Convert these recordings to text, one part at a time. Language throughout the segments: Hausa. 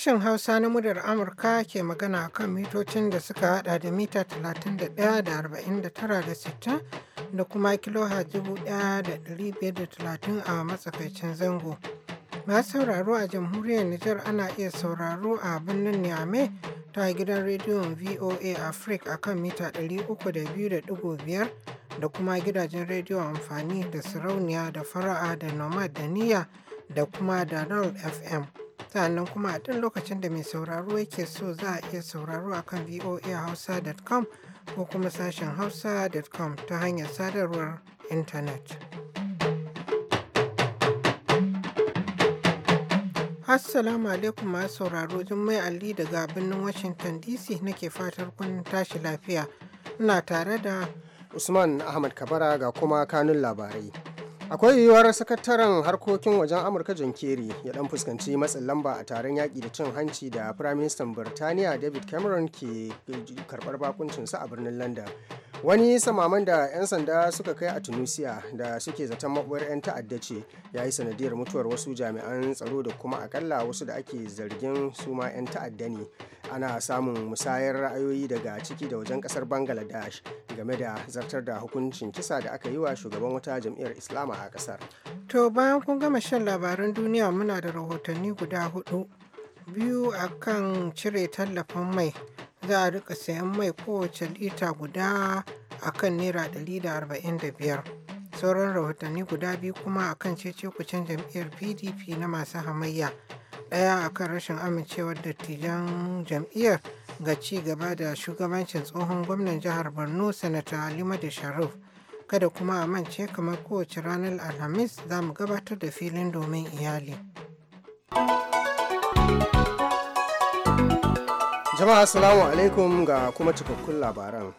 Sashen Hausa na muryar Amurka ke magana kan mitocin da suka hada da mita 31 da 49 da 60 da kuma 1530 a matsakaicin zango. Masu sauraro a jamhuriyar Nijar ana iya sauraro a birnin Niamey ta gidan rediyon VOA Africa a kan mita 302.5 da kuma gidajen rediyo amfani da sarauniya da fara'a da nomad da niyya da kuma da FM. Sa'annan kuma a duk lokacin da mai sauraro yake so za a iya sauraro a kan voahausa.com ko kuma sashen hausa.com ta hanyar sadarwar intanet. Assalamu alaikum masu sauraro Jummai alli daga birnin Washington DC nake fatar kun tashi lafiya. Ina tare da Usman Ahmad Kabara ga kuma kanun labarai. akwai yiwuwar sakataren harkokin wajen amurka john kerry ya dan fuskanci matsin lamba a taron yaƙi da cin hanci da firaministan birtaniya david cameron ke karɓar bakuncinsa a birnin london wani samaman da 'yan sanda suka kai a tunisia da suke zaton makwar 'yan ta'adda ce ya yi sanadiyar mutuwar wasu jami'an tsaro da kuma akalla wasu da ake zargin suma 'yan ta'adda ne ana samun musayar ra'ayoyi daga ciki da wajen kasar bangladesh game da zartar da hukuncin kisa da aka yi wa shugaban wata jam'iyyar islama a kasar to bayan kun gama shan labaran duniya muna da rahotanni guda hudu biyu akan cire tallafin mai za a rika sayan mai kowace lita guda a kan naira biyar. sauran rahotanni guda biyu kuma a kan cece-kucen jam'iyyar pdp na masu hamayya ɗaya a kan rashin amincewar dattijan jam'iyyar ga ci gaba da shugabancin tsohon gwamnan jihar borno sanata da sharif kada kuma a mance kamar kowace ranar alhamis za mu gabatar da filin domin iyali. jama'a assalamu alaikum ga kuma cikakkun labaran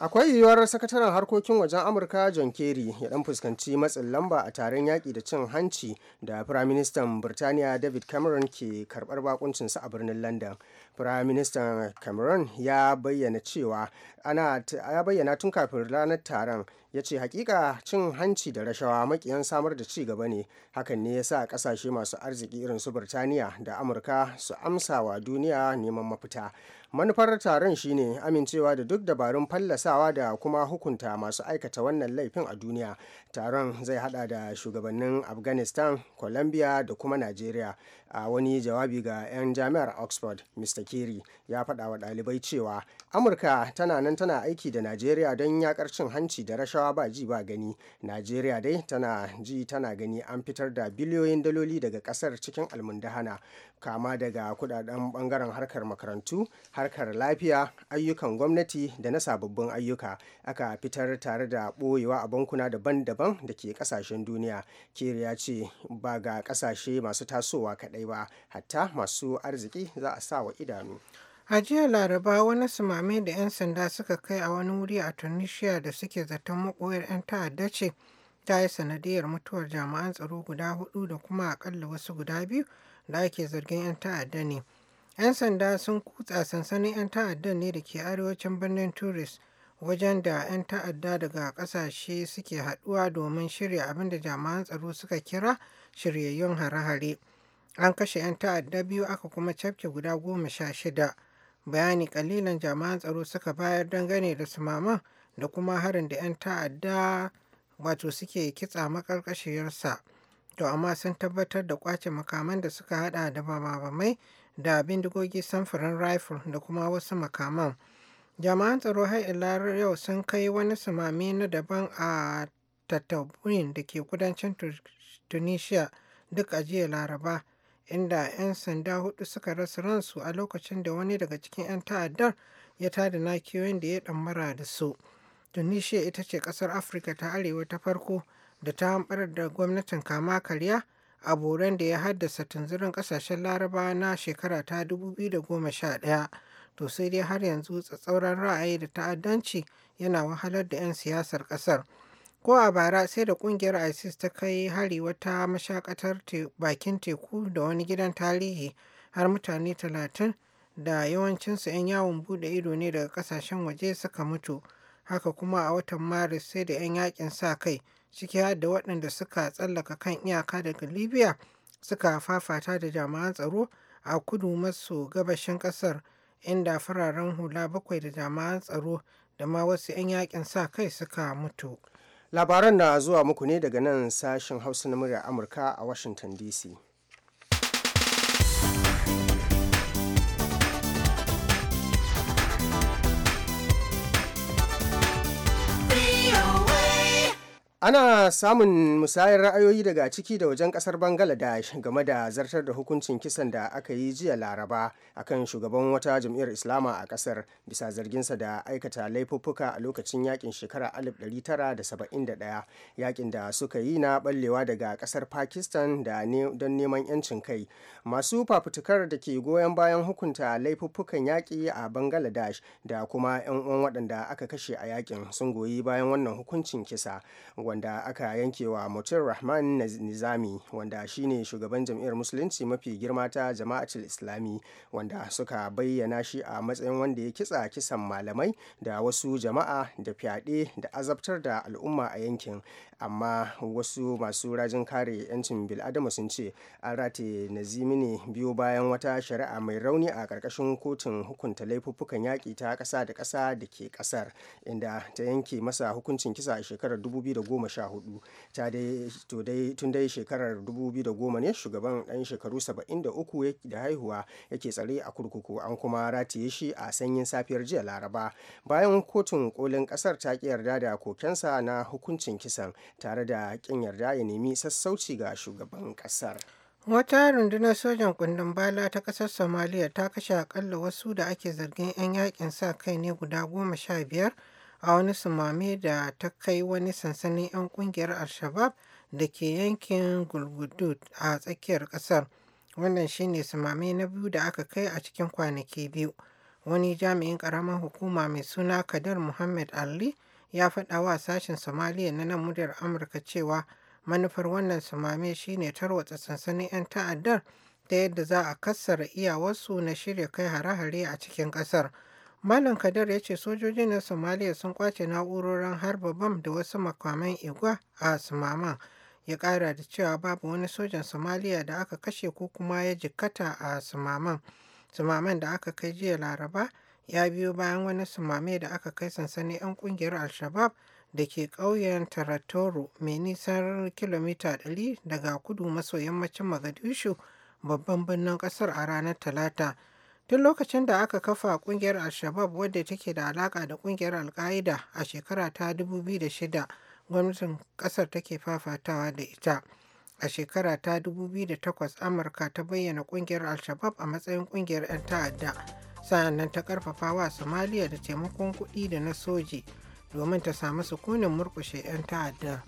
akwai yiwuwar sakataren harkokin wajen amurka john kerry ya dan fuskanci matsin lamba a taron yaƙi da cin hanci da firaministan birtaniya david cameron ke karɓar bakuncinsa a birnin london firaministan cameron ya bayyana cewa ana ya bayyana tun kafin ranar taron ya ce hakika cin hanci da rashawa makiyan samar da ci gaba ne hakan ne ya sa kasashe masu arziki irin su birtaniya da amurka su amsa wa duniya neman mafita manufar taron shine amincewa da duk dabarun fallasawa da kuma hukunta masu aikata wannan laifin a duniya taron zai hada da shugabannin afghanistan colombia da kuma nigeria a wani jawabi ga 'yan jami'ar oxford mr kiri ya faɗa wa ɗalibai cewa amurka tana nan tana aiki da nigeria don yakar cin hanci da rashawa ba ji ba gani nigeria dai tana ji tana gani an fitar da biliyoyin daloli daga ƙasar cikin almundahana kama daga kudaden bangaren harkar makarantu harkar lafiya ayyukan gwamnati da na sababbin ayyuka aka fitar tare da ɓoyewa a bankuna daban-daban daban da ke kasashen duniya kir ya ce ba ga kasashe masu tasowa kadai ba hatta masu arziki za a sa wa idanu a jiya laraba wani sumame da 'yan sanda suka kai a wani wuri a tunisia da suke zaton makoyar 'yan ta'adda ce ta yi sanadiyar mutuwar jami'an tsaro guda hudu da kuma akalla wasu guda biyu da ake zargin 'yan ta'adda ne 'yan sanda sun kutsa sansanin 'yan ta'adda ne da ke arewacin birnin turist. wajen da 'yan ta'adda daga ƙasashe suke haɗuwa domin shirya abin da jami'an tsaro suka kira shiryayyun hare-hare. An kashe 'yan ta'adda biyu aka kuma cafke guda goma sha shida. Bayani kalilan jami'an tsaro suka bayar dangane da sumaman da kuma harin da 'yan ta'adda wato suke kitsa makarkashiyarsa. To amma sun tabbatar da kwace makaman da suka hada da bababamai da bindigogi samfurin rifle da kuma wasu makaman. jama'an tsaro har ila yau sun kai wani sumami na daban a Tattaɓin da ke kudancin Tunisia duk a jiya Laraba, inda 'yan sanda hudu suka rasa ransu a lokacin da wani daga cikin 'yan ta'addar ya tada nakiyoyin da ya ɗamara da su. Tunisia ita ce ƙasar Afirka ta Arewa ta farko da ta hamɓar da gwamnatin kama karya a boran da ya haddasa tunzurin ƙasashen Laraba na shekara ta 2011. To sai dai har yanzu tsatsauran ra'ayi da ta'addanci yana wahalar da 'yan siyasar ƙasar. Ko a bara sai da kungiyar ISIS ta kai hari wata mashakatar bakin teku da wani gidan tarihi har mutane talatin da yawancinsu 'yan yawon bude ido ne daga kasashen waje suka mutu. Haka kuma a watan Maris sai da 'yan yakin sa kai ciki har da waɗanda suka tsallaka kan iyaka daga Libya suka fafata da jami'an tsaro a kudu maso gabashin ƙasar inda fararen hula bakwai da jami'an tsaro da ma wasu 'yan yakin sa kai suka mutu. Labaran na zuwa muku ne daga nan sashen Hausa na murya Amurka a Washington DC. ana samun musayar ra'ayoyi daga ciki da wajen kasar bangladesh game da zartar da hukuncin kisan da aka yi jiya laraba a kan shugaban wata jam'iyyar islama a kasar bisa zarginsa da aikata laifuffuka a lokacin yakin shekara 1971 yakin da suka yi na ballewa daga kasar pakistan da don neman yancin kai masu fafutukar da ke goyon bayan hukunta laifuffukan yaƙi a bangladesh da kuma 'yan uwan waɗanda aka kashe a yakin sun goyi bayan wannan hukuncin kisa wanda aka yanke wa mutum rahman nizami wanda shine shugaban jam'iyyar musulunci mafi girma ta jama'atul islami wanda suka bayyana shi a matsayin wanda ya kitsa kisan malamai da wasu jama'a da fyaɗe da azabtar da al'umma a yankin amma wasu masu rajin kare 'yancin bil'adama sun ce an rataye nazimi ne biyo bayan wata shari'a mai rauni a ƙarƙashin kotun hukunta laifuffukan yaƙi ta ƙasa da ƙasa da ke ƙasar inda ta yanke masa hukuncin kisa a shekarar 2014 ta dai tun dai shekarar 2010 ne shugaban ɗan shekaru 73 da haihuwa yake tsare a kurkuku an kuma rataye shi a sanyin safiyar jiya laraba bayan kotun kolin ƙasar ta ƙi yarda da kokensa na hukuncin kisan tare da kin yarda ya nemi sassauci ga shugaban kasar wata rundunar sojan kundin bala ta kasar somaliya ta kashe akalla wasu da ake zargin 'yan yakin sa kai ne guda goma sha biyar a wani sumame da ta kai wani sansanin 'yan kungiyar al shabaab da ke yankin gulgudud a tsakiyar kasar wannan shine sumame na biyu da aka kai a cikin kwanaki biyu wani jami'in karamar hukuma mai suna kadar muhammad ali ya faɗa wa sashen somaliya na nan muryar amurka cewa manufar wannan sumame shine tarwatsa sansanin 'yan ta'addar ta yadda za a kassara iyawarsu na shirya kai hare-hare a cikin ƙasar. Malam Kadar ya ce sojoji na somaliya sun kwace na'urorin harba bam da wasu makaman igwa a Sumaman. Ya ƙara da cewa babu wani sojan Somalia da aka kashe ko kuma ya jikkata a Sumaman. Sumaman da aka kai jiya Laraba ya biyo bayan wani sumame da aka kai sansanin 'yan kungiyar al-shabab da ke ƙauyen taratoro mai nisan kilomita 100 daga kudu maso yammacin Magadishu, babban birnin ƙasar a ranar talata tun lokacin da aka kafa kungiyar al-shabab wadda take da alaƙa da kungiyar al-qaida a shekara ta 2006 gwamnatin ƙasar take fafatawa da ita a shekara ta 2008 amurka ta bayyana kungiyar al-shabab a matsayin kungiyar 'yan ta'adda nan ta karfafa wa somaliya da taimakon kuɗi da na soji domin ta samu sukunin murkushe 'yan ta'adda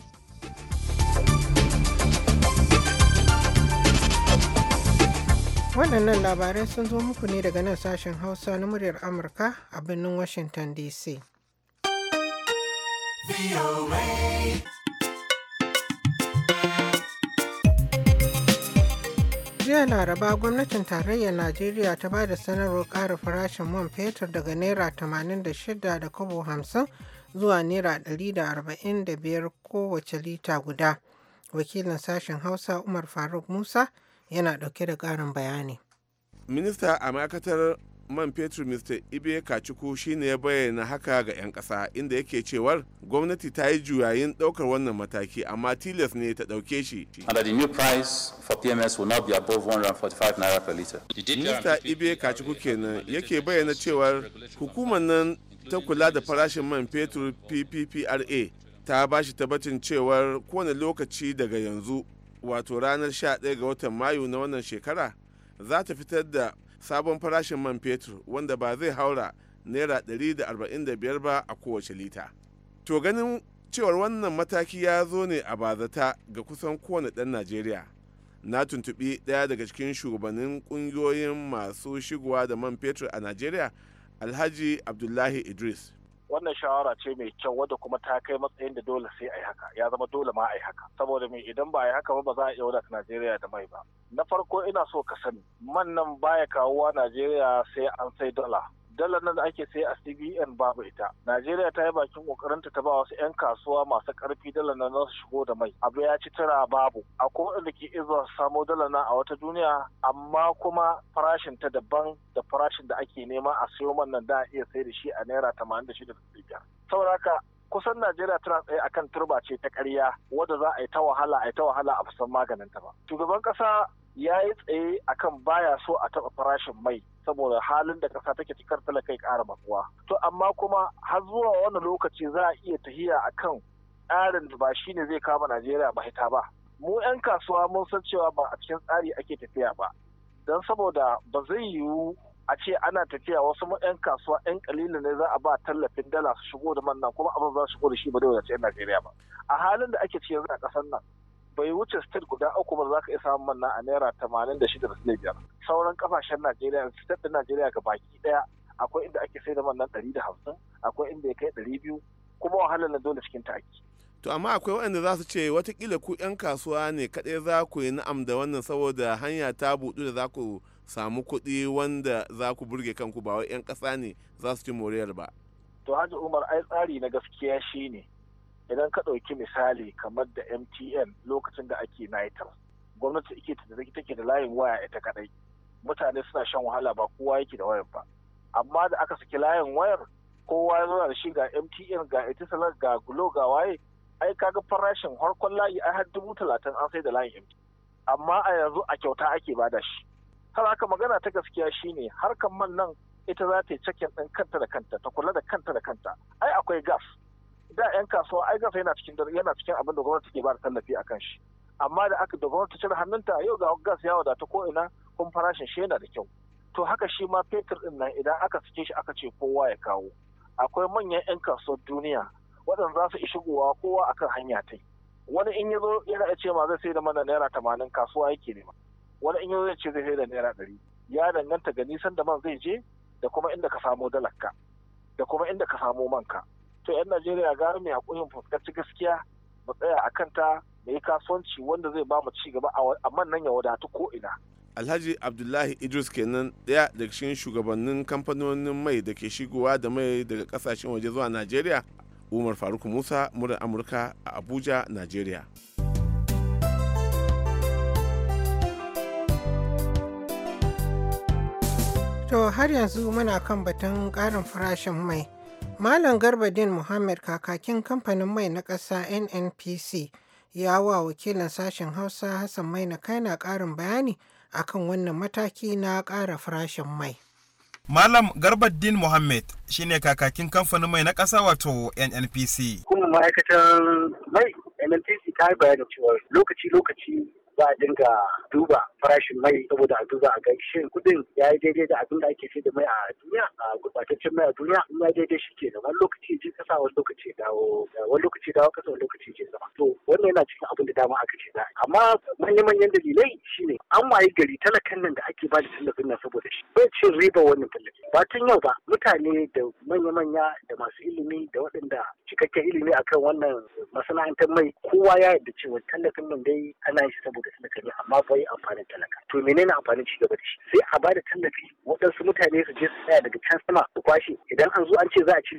waɗannan labarai sun zo muku ne daga nan sashen hausa na muryar amurka a birnin washington dc jiya laraba gwamnatin tarayyar najeriya ta ba da sanarwar ƙara farashin man fetur daga naira 86 da kobo 50 zuwa naira 145 kowace lita guda wakilin sashen hausa umar faruk musa yana ɗauke da ƙarin bayani minista a ma'aikatar man fetur mr ibe kaciku shine ya bayyana haka ga 'yan kasa inda yake cewar gwamnati ta yi juyayin daukar wannan mataki amma tilas ne ta dauke shi mr ibe uh, kaciku kenan yake bayyana cewar hukumar nan ta kula da farashin man fetur pppra ta bashi shi tabbacin cewar kowane lokaci daga yanzu wato ranar 11 ga watan mayu na wannan shekara za ta fitar da sabon farashin man fetur wanda ba zai haura naira 145 ba a kowace lita to ganin cewar wannan mataki ya zo ne a bazata ga kusan kowane ɗan najeriya na tuntuɓi ɗaya daga cikin shugabannin ƙungiyoyin masu shigowa da man fetur a najeriya alhaji abdullahi idris wannan shawara ce mai kyau wadda kuma ta kai matsayin da dole sai a yi haka ya zama dole ma a yi haka saboda mai idan ba a yi haka ba ba za a iya wadata najeriya da mai ba na farko ina so ka sani man nan baya kawowa najeriya sai an sai dala dalar nan da ake sai a CBN babu ita. Najeriya ta yi bakin kokarin ta ba wasu 'yan kasuwa masu karfi dalar nan su shigo da mai. Abu ya ci tara babu. Akwai waɗanda ke izuwa samo dalar nan a wata duniya amma kuma farashin ta daban da farashin da ake nema a siyo man nan da a iya sai da shi a naira tamanin da shida da Saboda haka kusan Najeriya tana tsaye akan turba ce ta ƙarya wadda za a yi ta wahala a yi ta wahala a fusan maganin ta ba. Shugaban ƙasa ya yi tsaye akan baya so a taɓa farashin mai saboda halin da ƙasa take cikar talakai ƙara makuwa. To amma kuma har zuwa wani lokaci za a iya tahiya akan tsarin da ba shi ne zai kama Najeriya ba hita ba. Mu 'yan kasuwa mun san cewa ba a cikin tsari ake tafiya ba. Don saboda ba zai yiwu a ce ana tafiya wasu 'yan kasuwa 'yan kalilu ne za a ba tallafin dala su shigo da man nan kuma abin za su shigo da shi ba zai wadace 'yan Najeriya ba. A halin da ake ciki yanzu a ƙasar nan bai wuce state guda uku ba za ka iya samun manna a naira tamanin da shida da biyar sauran kasashen najeriya state din najeriya ga baki daya akwai inda ake sai da mannan ɗari da hamsin akwai inda ya kai ɗari biyu kuma wahala na dole cikin taki. to amma akwai waɗanda za su ce watakila ku 'yan kasuwa ne kaɗai za ku yi na'am da wannan saboda hanya ta buɗu da za ku samu kuɗi wanda za ku burge kanku ba wai 'yan ƙasa ne za su ci moriyar ba. to hajji umar ai tsari na gaskiya shi ne idan ka ɗauki misali kamar da mtn lokacin da ake naitar gwamnati ike take da layin waya ita kadai mutane suna shan wahala ba kowa yake da wayar ba amma da aka saki layin wayar kowa ya zauna da shi ga mtn ga etisalat ga glo ga waye ai kaga farashin harkon layi ai har dubu talatin an sai da layin mtn amma a yanzu a kyauta ake bada shi har haka magana ta gaskiya shine harkan man nan ita za ta yi cakin ɗin kanta da kanta ta kula da kanta da kanta ai akwai gas da yan kasuwa ai gafa yana cikin yana cikin abin da gwamnati ke ba tallafi a kan shi amma da aka da gwamnati cire hannunta yau ga gas ya wadata ko ina kun farashin shi yana da kyau to haka shi ma fetur din nan idan aka sike shi aka ce kowa ya kawo akwai manyan yan kasuwar duniya waɗanda za su ishi gowa kowa akan hanya ta wani in ya zo yana ce ma zai sai da mana naira tamanin kasuwa yake nema wani in ya zo ce zai sai da naira ɗari ya danganta ga nisan da man zai je da kuma inda ka samo dalarka da kuma inda ka samo manka. to 'yan najeriya gara mai hakurin fuskanci gaskiya mu tsaya a kanta da kasuwanci wanda zai ba mu gaba a mannan ya wadatu ko ina alhaji abdullahi idris kenan daya daga cikin shugabannin kamfanonin mai da ke shigowa da mai daga kasashen waje zuwa najeriya umar faruk musa murar amurka a abuja najeriya To har yanzu muna kan batun karin farashin mai. Malam Garbadin Muhammad kakakin kamfanin mai na ƙasa NNPC ya wa wakilin sashen Hausa Hassan Mai na kaina ƙarin bayani akan wannan mataki na ƙara farashin mai. Malam Garbaddin Mohammed shine kakakin kamfanin mai na ƙasa wato NNPC. Kuma ma'aikatan mai NNPC ta yi bayanin cewa lokaci-lokaci za a dinga duba farashin mai saboda a duba a ga shin kudin ya yi daidai da abin da ake fi da mai a duniya a gurbataccen mai a duniya in ya daidai shi ke wani lokaci ji kasa wani lokaci dawo wani lokaci dawo kasa wani lokaci ji zama to wannan yana cikin abin da dama aka ce da amma manyan manyan dalilai shine an wayi gari talakan nan da ake ba da tallafin nan saboda shi bai ce riba wannan tallafi ba tun yau ba mutane da manya manya da masu ilimi da waɗanda cikakken ilimi akan wannan masana'antar mai kowa ya yarda cewa tallafin nan dai ana yi saboda da suna ne amma yi amfanin talaka to menene amfanin ci gaba da shi sai a bada tallafi waɗansu mutane su je su tsaya daga can sama su kwashe idan an zo an ce za a ci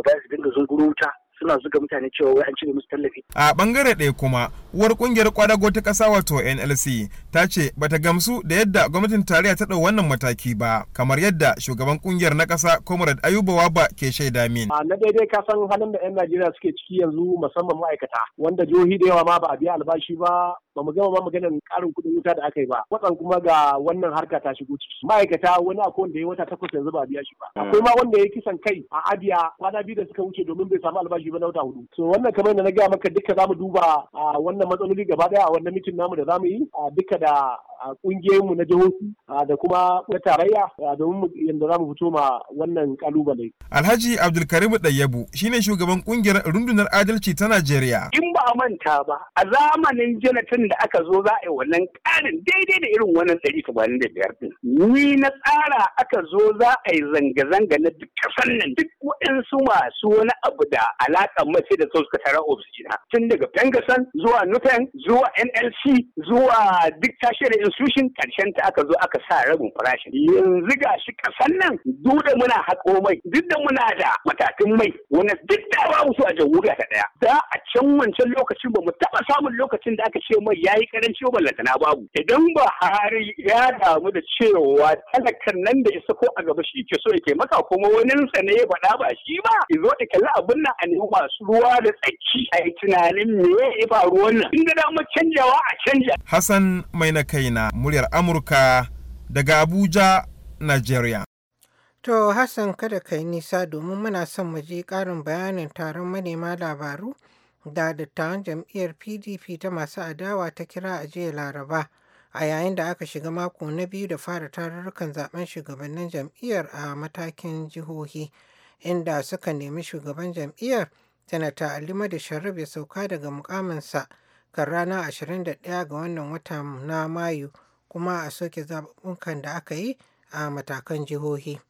gaba su dinga zunguru wuta suna zuga mutane cewa wai an cire musu tallafi. A bangare ɗaya kuma, uwar ƙungiyar kwadago ta ƙasa wato NLC ta ce bata gamsu da yadda gwamnatin tarayya ta ɗau wannan mataki ba, kamar yadda shugaban ƙungiyar na ƙasa Comrade Ayuba ba ke shaida min. na daidai ka san halin da 'yan Najeriya suke ciki yanzu musamman ma'aikata, wanda jihohi da yawa ma ba a biya albashi ba, ba mu gama ma maganar karin kuɗin wuta da aka yi ba kwatsan kuma ga wannan harka ta shigo ciki ma'aikata wani a da ya wata takwas yanzu ba a biya shi ba eh. akwai ma wanda ya kisan kai a abiya kwana biyu da suka wuce domin bai samu albashi ba na wata hudu so wannan kamar da na gaya maka duka za mu duba a ah, wannan matsaloli gaba daya a wannan mitin namu da za mu yi ah, duka da a kungiyoyinmu na jihohi da kuma na tarayya domin mu yanda za mu fito ma wannan kalubale. Alhaji Abdulkarim Ɗayyabu shine shugaban kungiyar rundunar adalci ta Najeriya. In ba a manta ba a zamanin janatin da aka zo za a yi wannan ƙarin daidai da irin wannan ɗari tamanin da biyar din, Ni na tsara aka zo za a yi zanga-zanga na duk kasan nan duk waɗansu masu wani abu da alaƙa mace da su suka tara jina. tun daga Pengasan zuwa Nufen zuwa NLC zuwa duk tashirin constitution karshen ta aka zo aka sa rabin farashin yanzu ga shi kasan nan duk da muna haƙo mai duk da muna da matakin mai wanda duk da babu su a jamhuriya ta ɗaya. da a can wancan lokacin ba mu taɓa samun lokacin da aka ce mai yayi karanci ba ballantana babu idan Buhari ya damu da cewa talakan nan da isa ko a gaba shi ke so yake maka kuma wani sa ne ya faɗa ba shi ba izo da kalli abin nan a ne masu ruwa da tsaki a yi tunanin me ya faru wannan in ga damar canjawa a canja Hassan mai na kaina na muryar Amurka daga Abuja, Najeriya. To Hassan kada ka yi nisa domin muna son mu ji ƙarin bayanin taron manema labaru da dattawan jam'iyyar PDP ta masu adawa ta kira a jiya Laraba a yayin da aka shiga mako na biyu da fara tarurrukan zaben shugabannin jam'iyyar a matakin jihohi inda suka nemi shugaban jam'iyyar Sanata alima da Sharif ya sauka daga mukaminsa. zaɓukan ranar 21 ga wannan watan na Mayu kuma a soke zaɓuɓɓukan da aka yi a matakan jihohi.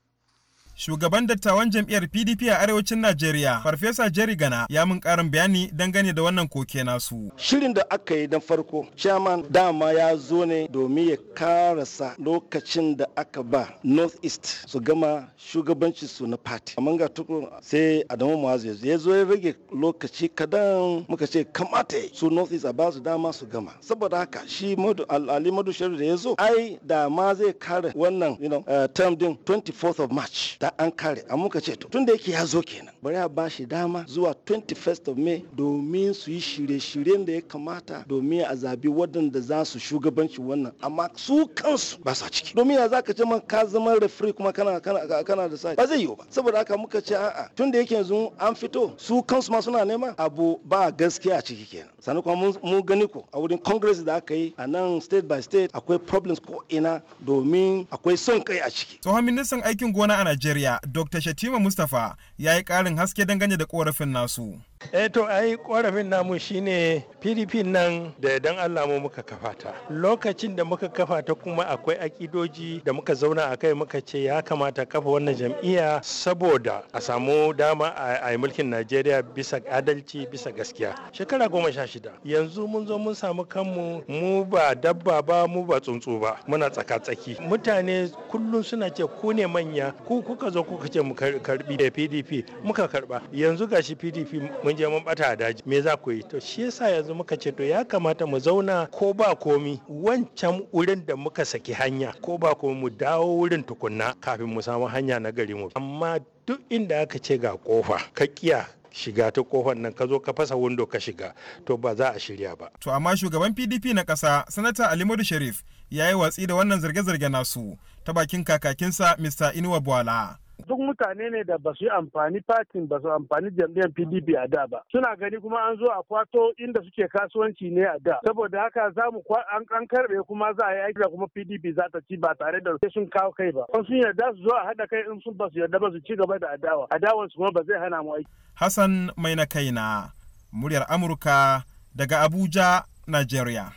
Shugaban dattawan jam'iyyar PDP a arewacin Najeriya, Farfesa Jerry Gana ya mun karin bayani dangane da wannan koke nasu. Shirin da aka yi don farko, Chairman dama ya zo ne domin ya karasa lokacin da aka ba North East su gama shugabanci su na party. Amma ga tukun sai Adamu Muazu ya zo ya rage lokaci kadan muka ce kamata su North East a ba su dama su gama. Saboda haka shi Ali Madu Shehu da ya zo ai dama zai kare wannan you eh, term din 24th of March. da an kare a muka ce to tunda yake ya zo kenan bari a bashi dama zuwa 21st of May domin su yi shirye-shiryen da ya kamata domin a zabi waɗanda za su shugabanci wannan amma su kansu ba sa ciki domin ya ka ce man ka zama referee kuma kana kana kana da sai ba zai yiwu ba saboda haka muka ce a'a tunda yake yanzu an fito su kansu ma suna nema abu ba gaskiya a ciki kenan sannan kuma mun gani ko a wurin congress da aka yi a nan state by state akwai problems ko ina domin akwai son kai a ciki tsohon ministan aikin gona a Najeriya Najeriya Dr. Shatima Mustapha ya yi ƙarin haske dangane da korafin nasu. eh to ai korafin namu shine pdp nan da dan allah mu muka kafa ta lokacin da muka kafa ta kuma akwai akidoji da muka zauna a kai muka ce ya kamata kafa wannan jam'iyya saboda a samu dama a yi mulkin najeriya bisa adalci bisa gaskiya shekara goma sha shida yanzu mun zo mun samu kanmu mu ba dabba ba mu ba tsuntsu ba muna tsaka-tsaki mutane kullum suna ce ku ne manya ku kuka zo kuka ce mu karbi da eh, pdp muka karba yanzu gashi pdp mun je mun bata me za ku yi to shi yasa yanzu muka ce to ya kamata mu zauna ko ba komi wancan wurin da muka saki hanya ko ba komi mu dawo wurin tukunna kafin mu samu hanya na gari mu amma duk inda aka ce ga kofa ka kiya shiga ta kofar nan ka zo ka fasa wando ka shiga to ba za a shirya ba. To amma shugaban PDP na ƙasa sanata Alimadu Sharif ya yi watsi da wannan zarge-zarge nasu ta bakin kakakinsa Mr. Inuwa Bwala. duk mutane ne da ba su yi amfani fatin ba su amfani jam'iyyar pdp a da ba suna gani kuma an zo a kwato inda suke kasuwanci ne a da saboda haka za mu an karbe kuma za a yi aiki da kuma pdp za ta ci ba tare da sun kawo kai ba kuma sun yarda su zo a haɗa kai in sun ba su yarda ba su ci gaba da adawa adawar su kuma ba zai hana mu aiki. hassan mai na kaina muryar amurka daga abuja nigeria.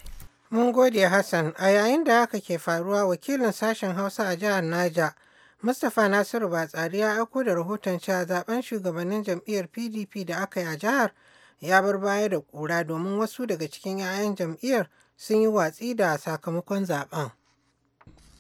mun gode hassan a yayin da haka ke faruwa wakilin sashen hausa a jihar niger Mustapha Nasiru Batsari ya aiko da rahoton cewa zaben shugabannin jam'iyyar PDP da aka yi a jihar ya bar baya da kura domin wasu daga cikin 'ya'yan jam'iyyar sun yi watsi da sakamakon zaben.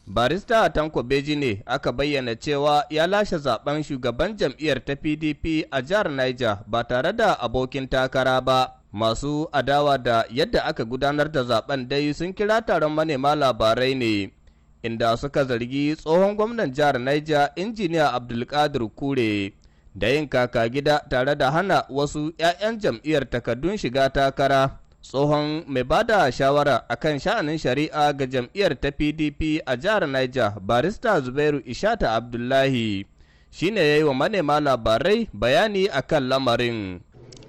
Barista Tanko Beji ne aka bayyana cewa ya lashe zaben shugaban jam'iyyar ta PDP a jihar Niger ba tare da abokin takara ba. Masu adawa da yadda aka gudanar da zaben dai sun kira taron manema labarai ne. inda suka zargi tsohon gwamnan jihar Niger injiniya Abdulkadir Kure da yin kaka gida tare da hana wasu 'ya'yan jam'iyyar takardun shiga takara. Tsohon mai ba da shawara akan sha'anin shari'a ga jam'iyyar ta PDP a jihar Niger, barista Zubairu Ishata Abdullahi, shine ya yi wa manema labarai bayani a kan lamarin.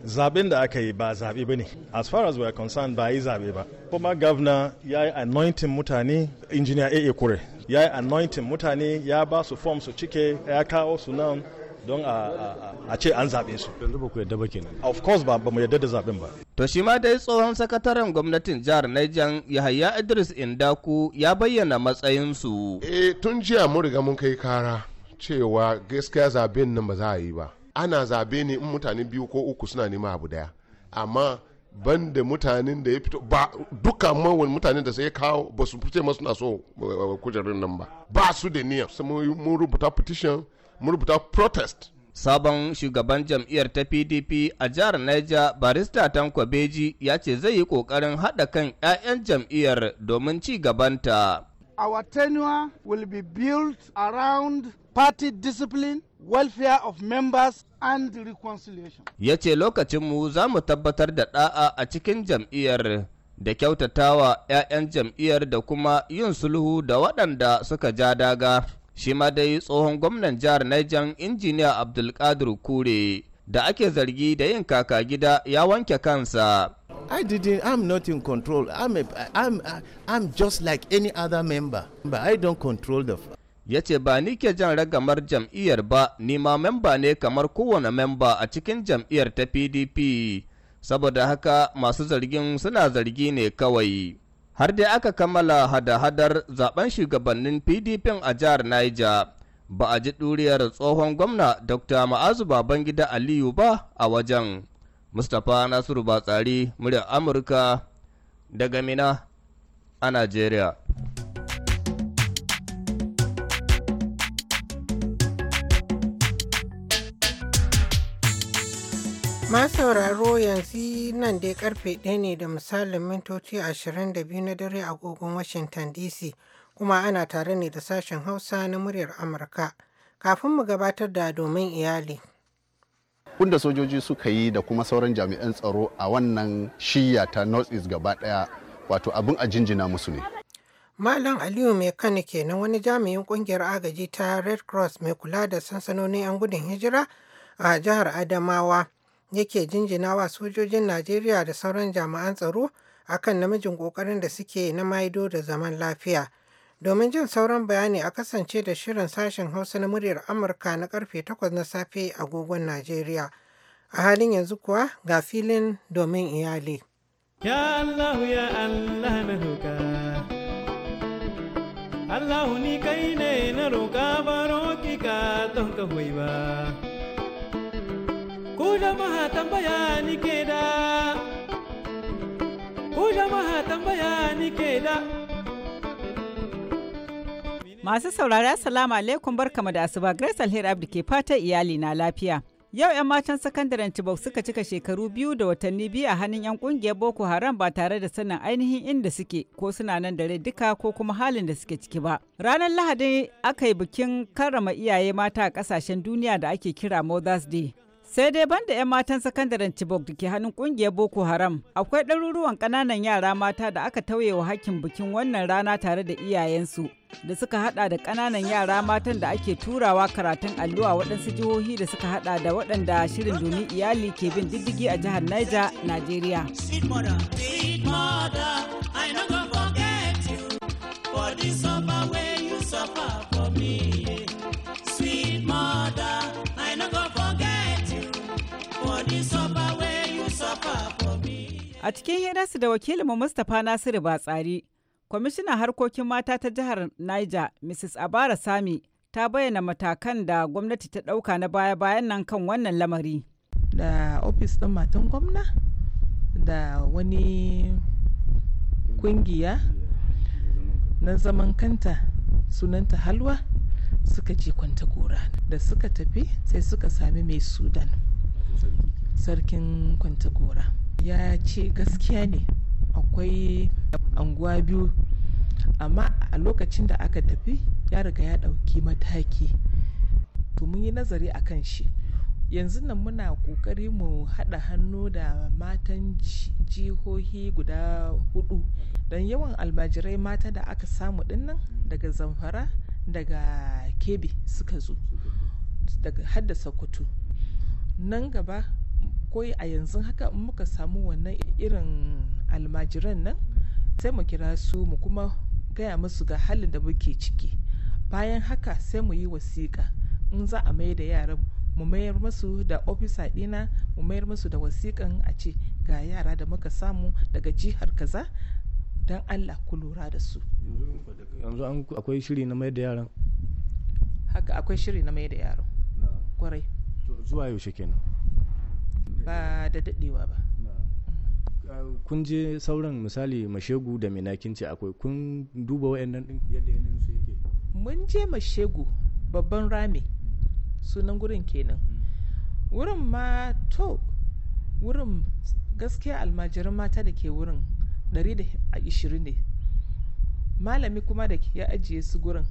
zaben da aka yi ba zabe ba ne as far as we are concerned ba yi zabe ba kuma governor ya yi anointing mutane engineer AA kure ya yi anointing mutane ya ba su form su cike ya kawo su nan don a ce an zaɓe su. Yanzu ba ku yadda ba kenan. Of course ba ba mu yadda da zaɓen ba. To shi ma dai tsohon sakataren gwamnatin jihar Niger Yahaya Idris Indaku ya bayyana matsayinsu. Eh tun jiya mun riga mun kai kara cewa gaskiya zaɓen nan ba za a yi ba. ana zabe ne in mutane biyu ko uku suna nema abu daya amma ban da mutanen da ya fito ba duka mawan mutanen da sai ya kawo ba su fice masu na so eh, kujerun nan ba ba su da niyya mun rubuta petition mun rubuta protest sabon shugaban jam'iyyar ta pdp a jihar Naija, barista tanko beji ya ce zai yi kokarin haɗa kan 'ya'yan jam'iyyar domin ci gabanta our tenure will be built around party discipline welfare of members and reconciliation. Ya ce lokacinmu za mu tabbatar da ɗa'a a cikin jam'iyyar da kyautatawa 'ya'yan jam'iyyar da kuma yin sulhu da waɗanda suka ja daga. Shi ma dai tsohon gwamnan jihar Niger injiniya Abdulkadir Kure da ake zargi da yin kaka gida ya wanke kansa. I didn't. I'm not in control. I'm a, I'm I'm just like any other member. But I don't control the. ya ce ba ni ke jan ragamar jam'iyyar ba ni ma memba ne kamar kowane memba a cikin jam'iyyar ta pdp saboda haka masu zargin suna zargi ne kawai har dai aka kammala hada-hadar zaben shugabannin pdp a jihar niger ba a ji ɗuriyar tsohon gwamna dr ma'azu babangida aliyu ba a wajen mustapha nasiru batsari muryar amurka daga mina a nigeria. sauraro yanzu nan dai karfe ɗaya ne da misalin mintoci 22 na dare agogon Washington DC kuma ana tare ne da sashen Hausa na muryar Amurka. Kafin mu gabatar da domin iyali. Kunda sojoji suka yi da kuma sauran jami'an tsaro a wannan shiya ta North East gaba daya wato abin a jinjina musu ne. Malam Aliyu mai kane kenan wani jami'in kungiyar agaji ta Red Cross mai kula da sansanonin 'yan gudun hijira a jihar Adamawa. yake jinjinawa sojojin Najeriya da sauran jami'an tsaro akan namijin ƙoƙarin da suke na maido da zaman lafiya. Domin jin sauran bayani a kasance da shirin sashen Hausa na muryar Amurka na karfe 8 na safe agogon Najeriya. A halin yanzu kuwa ga filin domin iyali. Ya Allah ya Allah na roƙa. Allah ni kai ne na roƙa baro ki ka don ka ba. Masu saurari Assalamu alaikum barkama da asuba Grace Alheri Abdi ke fata iyali na lafiya. Yau 'yan matan sakandaren Chibok suka cika shekaru biyu da watanni biyu a hannun 'yan kungiyar Boko Haram ba tare da sanin ainihin inda suke ko suna nan dare duka ko kuma halin da suke ciki ba. Ranar Lahadi aka yi bikin karrama iyaye mata a kasashen duniya da ake kira Mother's Day. sai dai banda 'yan matan sakandaren chibok da ke hannun kungiyar boko haram akwai ɗaruruwan ƙananan yara mata da aka tauye wa hakkin bikin wannan rana tare da iyayensu da suka hada da ƙananan yara matan da ake turawa karatun alluwa waɗansu jihohi da suka hada da waɗanda shirin domin iyali ke bin diddigi a jihar niger nigeria suffer A cikin hirarsu da wakilinmu Mustapha Nasiru Batsari, kwamishinan harkokin mata ta jihar Niger, Mrs. Abara Sami, ta bayyana matakan da gwamnati ta ɗauka na baya-bayan nan kan wannan lamari. Da ofis ɗin matan gwamna, da wani kungiya na zaman kanta sunanta halwa suka je kwanta gora da suka tafi sai suka sami mai sudan sarkin kwanta gora ya ce gaskiya ne akwai anguwa biyu amma a lokacin da aka tafi ya riga ya ɗauki mataki to mun yi nazari a kan shi yanzu nan muna ƙoƙari mu haɗa hannu da matan jihohi guda huɗu don yawan almajirai mata da aka samu dinnan daga zamfara daga kebe suka zo daga haddasa kutu nan gaba koi a yanzu haka in muka samu wannan irin almajiran nan sai mu kira su mu kuma gaya musu ga halin da muke ciki bayan haka sai mu yi wasiƙa in za a mai da yaran mu mayar musu da ofisa ɗina mu mayar musu da wasiƙan a ce ga yara da muka samu daga jihar kaza don allah ku lura da su yanzu akwai shiri na mai da yaran haka akwai shiri na mai da yaran kwarai zuwa yaushe kenan ba da daɗewa ba kun je sauran misali mashegu da minakinci akwai kun duba wayannan din yadda yanayin su yake mun je mashegu babban rami sunan gurin kenan hmm. wurin ma to wurin gaskiya almajiran mata da ke wurin 120 ne malami kuma da ya ajiye su gurin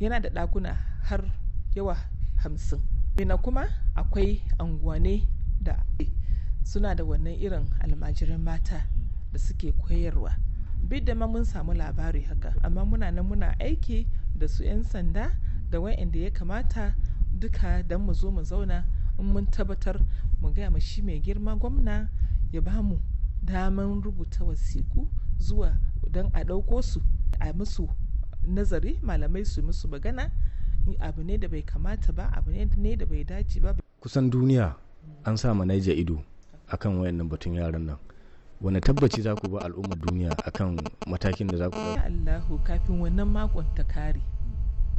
yana da ɗakuna har yawa hamsin Bina kuma akwai anguwane da suna da wannan irin almajirin mata da suke koyarwa bi da ma mun samu labari haka amma muna nan muna aiki da su 'yan sanda da wa'anda ya kamata duka don mu zo mu zauna in mun tabbatar mu gaya ma shi mai girma gwamna ya ba mu daman rubuta wasiku zuwa don a ɗauko su a musu nazari malamai su musu magana abu ne da bai kamata ba abu ne da bai dace ba kusan duniya an sa manaja ido akan wayannan batun yaran nan wani tabbaci za ku ba al'ummar duniya akan matakin da za ku ɗauka Allahu kafin wannan makon ta kare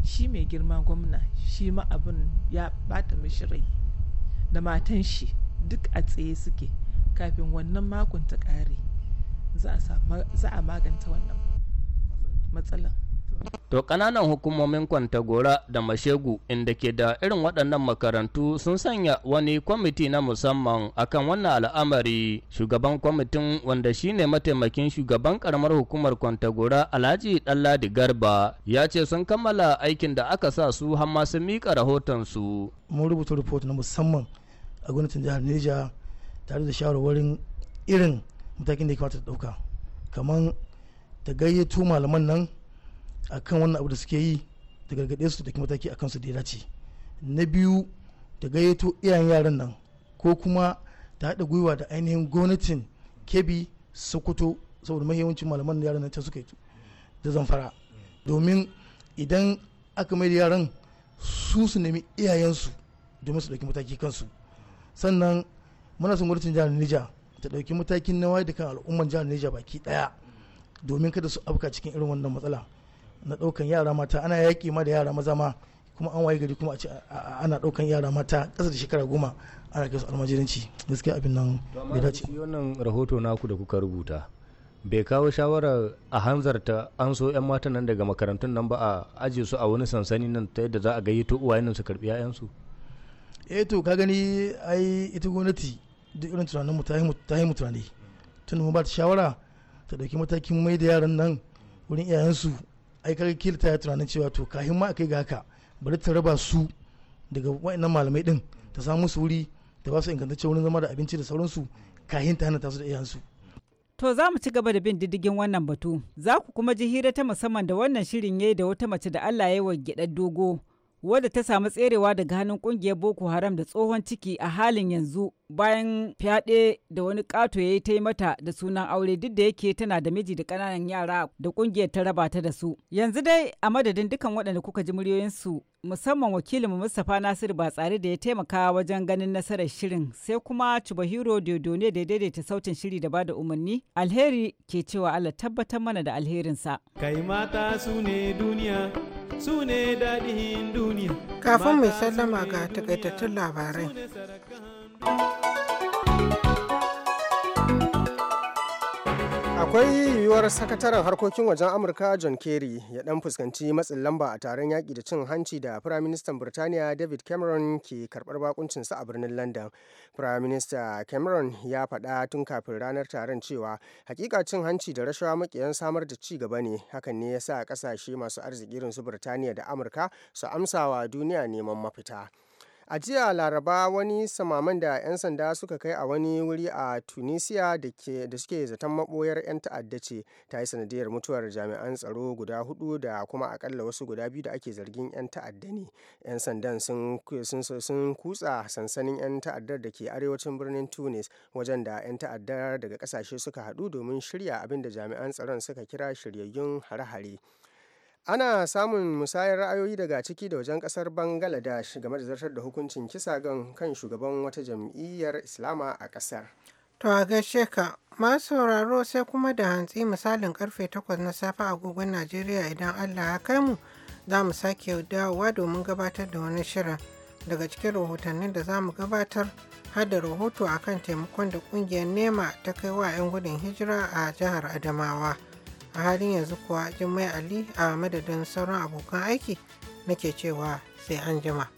shi mai girma gwamna shi ma abin ya bata mishi rai da matan shi duk a tsaye suke kafin wannan makon ta kare za a maganta wannan matsalan To ƙananan hukumomin Kwantagora da Mashegu inda ke da irin waɗannan makarantu sun sanya wani kwamiti na musamman akan wannan al'amari. Shugaban kwamitin wanda shine mataimakin shugaban ƙaramar hukumar Kwantagora Alhaji Ɗanladi Garba ya ce sun kammala aikin da aka sa su har ma sun miƙa rahotonsu. Mun rubuta rahoton na musamman a gwamnatin jihar Neja tare da shawarwarin irin matakin da ya kamata ta ɗauka. Kamar ta gayyato malaman nan akan wannan abu da suke yi da gargaɗe su da kuma mataki a su da ya dace na biyu da gayyato iyayen yaran nan ko kuma ta haɗa gwiwa da ainihin gwamnatin kebi sokoto saboda mahimmancin malaman yaran nan ta suka yi da zamfara domin idan aka mai da yaran su su nemi iyayensu domin su ɗauki mataki kansu sannan muna son gwamnatin jihar Nija ta ɗauki matakin na wayar da kan al'umman jihar Nija baki ɗaya domin kada su afka cikin irin wannan matsala na ɗaukan yara mata ana yaƙi ma da yara maza ma kuma an waye gari kuma a ce ana ɗaukan yara mata ƙasa da shekara goma ana kai su almajiranci gaskiya abin nan bai dace. Shi wannan rahoto naku da kuka rubuta bai kawo shawara a hanzarta an so 'yan matan nan daga makarantun nan ba a aje su a wani sansani nan ta yadda za a gayyato nan su karɓi 'ya'yansu. eh to ka gani ai ita gwamnati duk irin tunanin mu ta yi mu tunani tun mu ba ta shawara ta dauki matakin mai da yaran nan wurin iyayensu ai kaga kila ta tunanin cewa to kahin ma kai ga haka bari ta raba su daga wayannan malamai din ta samu su wuri ta ba su ingantaccen wurin zama da abinci da sauransu kahin ta hana ta su da iyansu To za mu ci gaba da bin diddigin wannan batu, za ku kuma ji hira ta musamman da wannan shirin yayi da wata mace da Allah ya yi dogo wadda ta samu tserewa daga hannun kungiyar boko haram da tsohon ciki a halin yanzu bayan fyaɗe da wani ƙato ya yi ta yi mata da sunan aure duk da yake tana da miji da ƙananan yara da kungiyar ta raba ta da su yanzu dai a madadin dukkan waɗanda kuka ji muryoyinsu musamman wakilin mustapha nasir ba tsare da ya taimaka wajen ganin nasarar shirin sai kuma cibahiro ne da ya daidaita sautin shiri da bada umarni alheri ke cewa allah tabbatar mana da alherinsa kai mata su ne duniya su ne duniya. Kafin mai sallama ga takaitattun labarai. akwai yiwuwar sakataren harkokin wajen amurka john kerry ya dan fuskanci matsin lamba a taron yaƙi da cin hanci da firaministan birtaniya david cameron ke karɓar bakuncinsa a birnin london firaminista cameron ya faɗa tun kafin ranar taron cewa hakika cin hanci da rashawa makiyan samar da ci gaba ne hakan ne ya sa ƙasashe masu arziki irin birtaniya da amurka su amsawa duniya neman mafita a jiya laraba wani samaman da 'yan sanda suka kai a wani wuri a tunisia da suke zaton maboyar 'yan ta'adda ce ta yi sanadiyar mutuwar jami'an tsaro guda hudu da kuma akalla wasu guda biyu da ake zargin 'yan ta'adda ne 'yan sandan sun kutsa sansanin 'yan ta'addar da ke arewacin birnin tunis wajen da 'yan ta'addar daga kasashe suka haɗu domin shirya abin da jami'an tsaron suka kira shiryayyun hare-hare ana samun musayar ra'ayoyi daga ciki da wajen kasar bangladesh game da zartar da hukuncin kisa gan kan shugaban wata jam'iyyar islama a kasar to a gaishe ka masu sauraro sai kuma da hantsi misalin karfe 8 na safe a agogon najeriya idan allah ya kai mu za mu sake dawowa domin gabatar da wani shirin daga cikin rahotannin da za mu gabatar har da rahoto akan taimakon da kungiyar nema ta kai wa 'yan gudun hijira a jihar adamawa. A halin yanzu kuwa Jummai Ali a madadin sauran abokan aiki nake cewa sai an jima.